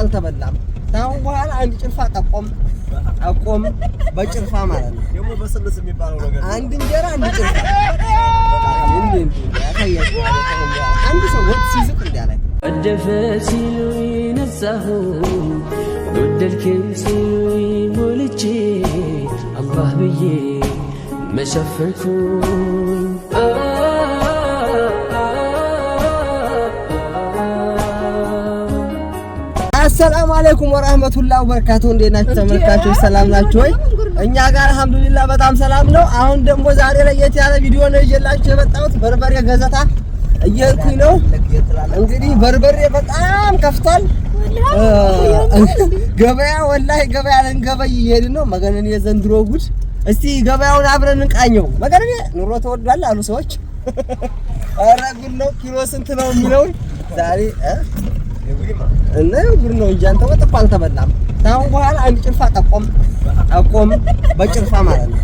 አልተበላም። አሁን በኋላ አንድ ጭልፋ ጠቆም ጠቆም በጭልፋ ማለት ነው። ደግሞ በስልስ የሚባለው ነገር አንድ እንጀራ አንድ ጭልፋ አንድ ሰው ወጥ ሲዝቅ እንዳለ ወደፈ ሲሉ ነጻሁ ወደልከኝ ሲሉ ሞልቼ አላህ ብዬ መሸፈንኩኝ አሰላሙ አለይኩም ወራህመቱላሂ ወበረካቱ። እንዴት ናችሁ ተመልካቾች? ሰላም ናችሁ ወይ? እኛ ጋር አልሐምዱሊላህ በጣም ሰላም ነው። አሁን ደግሞ ዛሬ ለየት ያለ ቪዲዮ ነው ይዤላችሁ የመጣሁት። በርበሬ ገዘታ እየሄድኩኝ ነው። እንግዲህ በርበሬ በጣም ከፍቷል። ገበያ ወላሂ ገበያ ልንገበይ እየሄድን ነው። መገነን የዘንድሮ ጉድ እስቲ ገበያውን አብረን እንቃኘው። መቀደም ኑሮ ተወዷል አሉ ሰዎች። ኧረ ጉድ ነው፣ ኪሎ ስንት ነው የሚለውን ዛሬ እና ጉድ ነው እንጂ አንተ ወጥ አልተበላም። ታሁን በኋላ አንድ ጭልፋ ጠቆም ጠቆም፣ በጭልፋ ማለት ነው።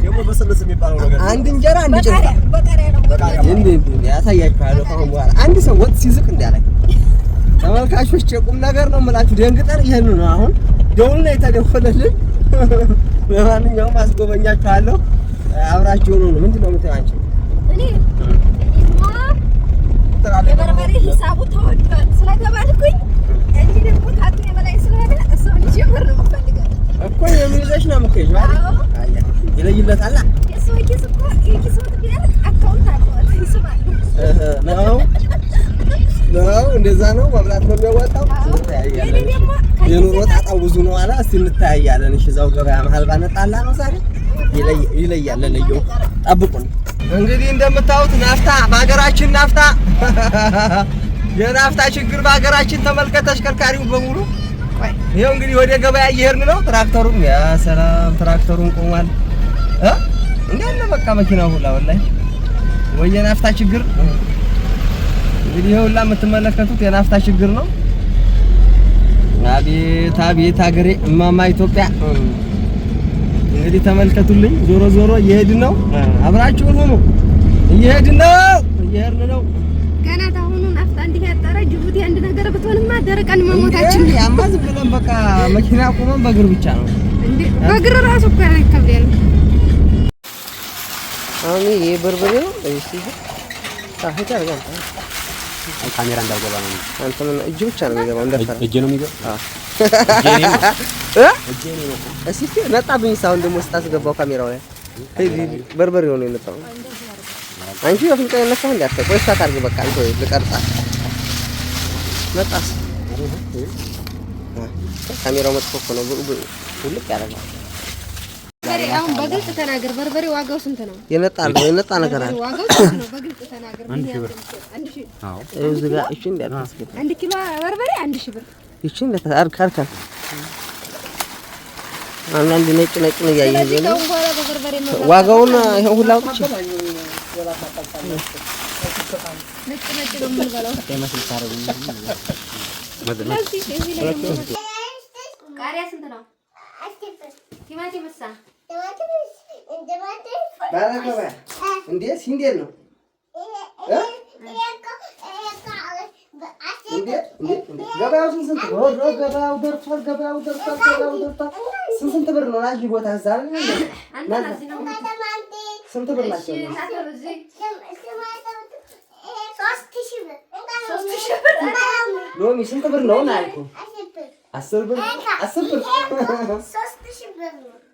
የሚባለው ነገር አንድ እንጀራ አንድ ጭልፋ እንዴ እንዴ ያሳያችኋለሁ። ታሁን በኋላ አንድ ሰው ወጥ ሲዝቅ እንዳለ ተመልካቾች፣ የቁም ነገር ነው የምላችሁ። ደንግጠር ይሄን ነው አሁን ደውል ደውልና የተደወለልን ለማንኛውም አስጎበኛችኋለሁ። አብራችሁ ነው። ምንድን ነው የምትይው አንቺ? የበርበሬ ሂሳቡ ተወዷል ስለተባልኩኝ እንጂ ደግሞ ካቱ የበላይ ስለሆነ እሱን ልጅ ብር ነው የምፈልገው እኮ የሚይዘሽ ነው የምትይው አይደል? ይለይለታል። እንደዛ ነው መብላት ነው የሚያዋጣው። የኑሮ ጣጣው ብዙ ነው አለ። እስቲ እንታያያለን። እሺ፣ እዛው ገበያ መሀል ባነጣላ ነው ዛሬ ይለያል። ለለየው ጠብቁን። እንግዲህ እንደምታዩት ናፍታ በሀገራችን ናፍታ የናፍታ ችግር በሀገራችን ተመልከት። ተሽከርካሪው በሙሉ ይኸው እንግዲህ ወደ ገበያ እየሄድን ነው። ትራክተሩም ያ ሰላም ትራክተሩን ቆሟል እንዳለ በቃ መኪና ሁላ ወላሂ ወይ የናፍታ ችግር እንግዲህ ይኸው ሁላ የምትመለከቱት የናፍታ ችግር ነው። አቤት አቤት ሀገሬ እማማ ኢትዮጵያ እንግዲህ ተመልከቱልኝ። ዞሮ ዞሮ እየሄድን ነው። አብራችሁን ሁኑ። እየሄድን ነው፣ እየሄድን ነው። ገና ታሁኑ ናፍጣ እንዲህ ያጠረ ጅቡቲ አንድ ነገር ብትሆንማ ደረቀን መሞታችን ነው። ዝም ብለን በቃ መኪና ቆመን በእግር ብቻ ነው እንዴ? በእግር ራሱ እኮ ያከብዳል። አሁን ይሄ በርበሬው እሺ ታህታ ካሜራ እንዳልገባ ነው። አንተ ምን እጅ ብቻ ነው የሚገባው? እንደፈረ እጄ ነው የሚገባው። አዎ እጄ ነው። እስኪ መጣብኝ። አሁን ደግሞ ስታስገባው ካሜራው ላይ በርበሬ ሆኖ የመጣው አንቺ አፍንጫ የነፋህ እንዳትፈራ። ቆይ እሳት አድርግ በቃ አንተ ልቀርጻት መጣስ ካሜራው መጥፎ እኮ ነው። ሁልቅ ያደርጋል በግልጽ ተናገር። በርበሬ ዋጋው ስንት ነው? የነጣ ነው የነጣ ነገር አለ። ዋጋው ስንት ነው? በግልጽ ተናገር። አንድ ሺህ ብር። አዎ። እዚህ ጋር እሺ፣ አንድ ኪሎ በርበሬ አንዳንድ ነጭ ነጭ ነው ያየኝ ዋጋውን ይሄው ሁላ ቃሪያ ስንት ነው? ቲማቲም ባረገበ እንዴ ነው? ገበያው ስንት ገበያው ደርሷል። ብር ነው? ናጅ ቦታ ስንት ብር ናቸው? ሎሚ ስንት ብር ነው? አስር ብር አስር ብር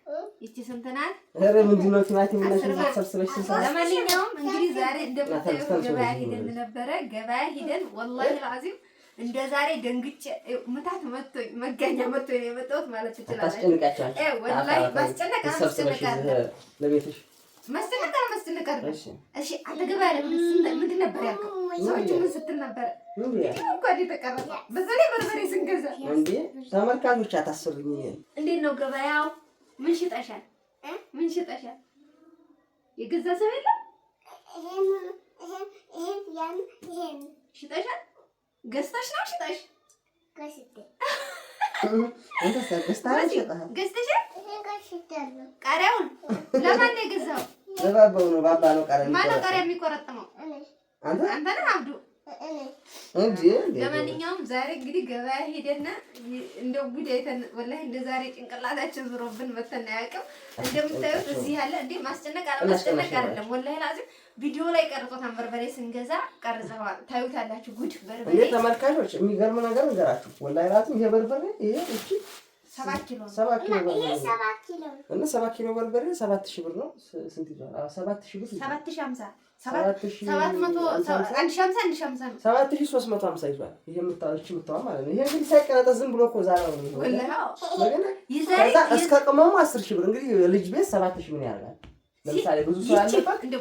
ይቺ ስንት ናት? ኧረ ምንድን ነው ቲማቲም ሰብስበሽ። ለማንኛውም እንግዲህ ዛሬ እንደምታዩት ገበያ ሂደን ነበረ። ገበያ ሂደን ወላሂ አዚም እንደ ዛሬ ደንግጬ ምታት መቶኝ መጋኛ መቶኝ ነው የመጣሁት ማለት ትችላለች። ወላሂ ማስጨነቅ ለቤትሽ ማስጨነቅ ማስጨነቅ እሺ አንተ ገበያ ምንድን ነበር ያልከው? ሰዎች ምን ስትል ነበረ? በዛ ላይ በርበሬ ስንገዛ ተመልካቾች አታስሩኝ። እንዴት ነው ገበያው? ምን ሽጠሻል? ምን ሽጠሻል? የገዛ ሰው የለም። ሽጠሻል? ገዝተሽ ነው ሽጠሽ? ገዝተሻል? ቃሪያውን ለማን ነው የገዛው? ለባባው ነው። ባባ ነው ቃሪያ የሚቆረጥመው። አንተ ነህ አብዱ ለማንኛውም ዛሬ እንግዲህ ገበያ ሄደና እንደው ጉድ አይተን ወላሂ እንደ ዛሬ ጭንቅላታችን ዞሮብን መተን አያውቅም። እንደምታዩት እዚህ ያለ እንደ ማስጨነቅ አለማስጨነቅ አይደለም። ወላሂ ላዚም ቪዲዮ ላይ ቀርጾታን በርበሬ ስንገዛ ቀርጸዋል። ታዩታላችሁ ጉድ በርበሬ። ተመልካቾች የሚገርም ነገር እንገራችሁ። ወላሂ ላዚም ይሄ በርበሬ ይሄ እቺ ሰባት ኪሎ ሰባት ሰባት ኪሎ በርበሬ ሰባት ሺህ ብር ነው። ስንት ይባላል? ሰባት ሺህ ብር ሰባት ሺህ ሀምሳ ሰባት ሺህ ሦስት መቶ ሀምሳ ይዟል። ይሄ የምታዋል ማለት ነው። ይሄ እንግዲህ ሳይቀነጠስ ዝም ብሎ እኮ ዛሬ ነው። እስከ ቅመሙ አስር ሺህ ብር እንግዲህ ልጅ ቤት ሰባት ሺህ ምን ያደርጋል? ለምሳሌ ብዙ ሰው ያለባት ይቺ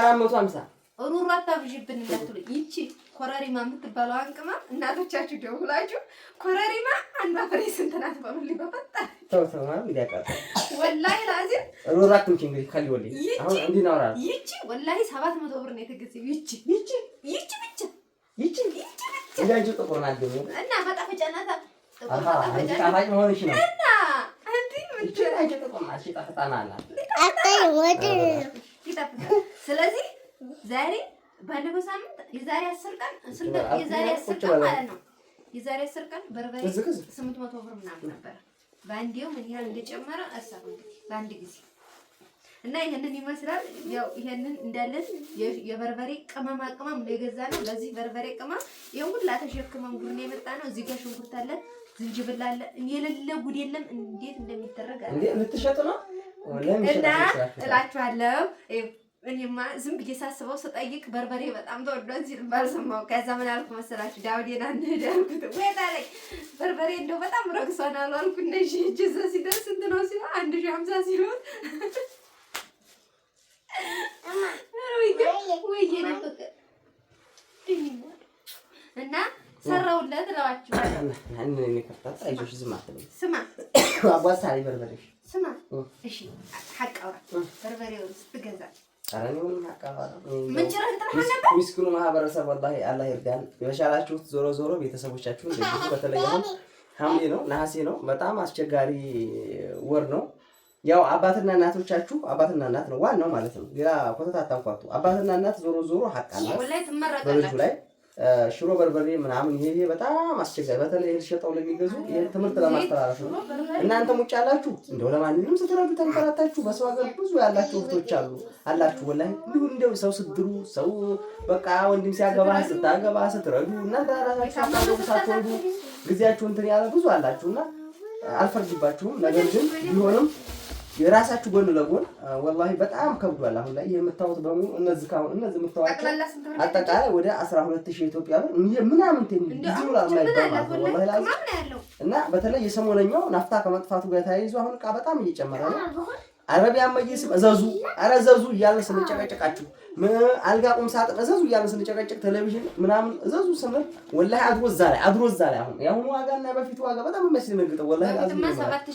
አራት መቶ ሀምሳ ሩሩ አታብዥብን እንዳትሉኝ። ይቺ ኮረሪማ የምትባለው አንቅማ እናቶቻችሁ ደውላችሁ ኮረሪማ አንዷ ፍሬ ስንት ናት በሉልኝ። ወላሂ ይቺ ወላሂ ሰባት መቶ ብር ነው የተገዘው። ይቺ ይቺ ይቺ ብቻ ይቺ ይቺ ብቻ እና መጣፈጫ ናት። ስለዚህ ዛሬ ባለፈው ሳምንት የዛሬ አስር ቀን የዛሬ አስር ቀን ማለት ነው የዛሬ አስር ቀን በርበሬ ስምንት መቶ ብር ምናምን ነበረ። በአንዴው ምን ያህል እንደጨመረ አሳብ በአንድ ጊዜ እና ይሄንን ይመስላል። ያው ይሄንን እንዳለን የበርበሬ ቅመማ ቅመም ነው የገዛነው። ለዚህ በርበሬ ቅመም ይሄ ሁላ ተሸክመን ጉድ ነው የመጣ ነው። እዚህ ጋር ሽንኩርት አለ፣ ዝንጅብል አለ፣ የሌለ ጉድ የለም። እንዴት እንደሚደረግ አለ። እንዴ የምትሸጥ ነው እና እላችኋለሁ እኔማ ዝም ብዬ ሳስበው ስጠይቅ በርበሬ በጣም ተወዷል ሲል ባልሰማው። ከዛ ምን አልኩ መሰላችሁ? ዳውዴና እንሂድ አልኩት። ወይታ ላይ በርበሬ እንደው በጣም ረክሷናል አልኩ። እነሺ እጅ እዛ ሲደርስ ስንት ነው ሲሉ አንድ ሺ ሀምሳ ሲሉት እና ሰራውለት እለዋችሁ። ስማ አጓሳ ላይ ስማ። እሺ ሀቅ አውራ በርበሬውን ስትገዛ ምስኪኑ ማህበረሰብ ወላሂ አላህ ይርዳን። የመሻላችሁት ዞሮ ዞሮ ቤተሰቦቻችሁን ደግፉ። በተለይ አሁን ሐምሌ ነው ነሐሴ ነው፣ በጣም አስቸጋሪ ወር ነው። ያው አባትና እናቶቻችሁ አባትና እናት ነው ዋናው ማለት ነው። ሌላ ኮተት አታንኳቱ። አባትና እናት ዞሮ ዞሮ ሀቅ አላት በልጁ ላይ ሽሮ በርበሬ ምናምን ይሄ ይሄ በጣም አስቸጋሪ፣ በተለይ ሸጠው ለሚገዙ ይህን ትምህርት ለማስተላለፍ ነው። እናንተም ውጭ ያላችሁ እንደው ለማንኛውም ስትረዱ ተንከራታችሁ፣ በሰው ሀገር ብዙ ያላችሁ እህቶች አሉ አላችሁ። ወላሂ እንዲሁ እንደው ሰው ስድሩ ሰው በቃ ወንድም ሲያገባ ስታገባ ስትረዱ እናንተ ራሳችሁ ሳትወዱ ጊዜያችሁ እንትን ያለ ብዙ አላችሁና አልፈርድባችሁም። ነገር ግን ቢሆንም የራሳችሁ ጎን ለጎን ወላሂ በጣም ከብዷል። አሁን ላይ የምታዩት በሙሉ እነዚህ ካሁን እነዚህ የምታዩት አጠቃላይ ወደ 12000 ኢትዮጵያ ብር ምናምን እና በተለይ የሰሞነኛው ናፍታ ከመጥፋቱ ጋር ተያይዞ አሁን ዕቃ በጣም እየጨመረ ነው። አረቢያ መየስም እዘዙ አረ እዘዙ እያለን ስንጨቀጨቃችሁ፣ አልጋ ቁም ሳጥን እዘዙ እያለን ስንጨቀጨቅ፣ ቴሌቪዥን ምናምን እዘዙ ስንል ወላሂ አድሮ እዛ ላይ አድሮ እዛ ላይ አሁን የአሁኑ ዋጋና እና በፊቱ ዋጋ በጣም የሚያስደነግጠው ወላሂ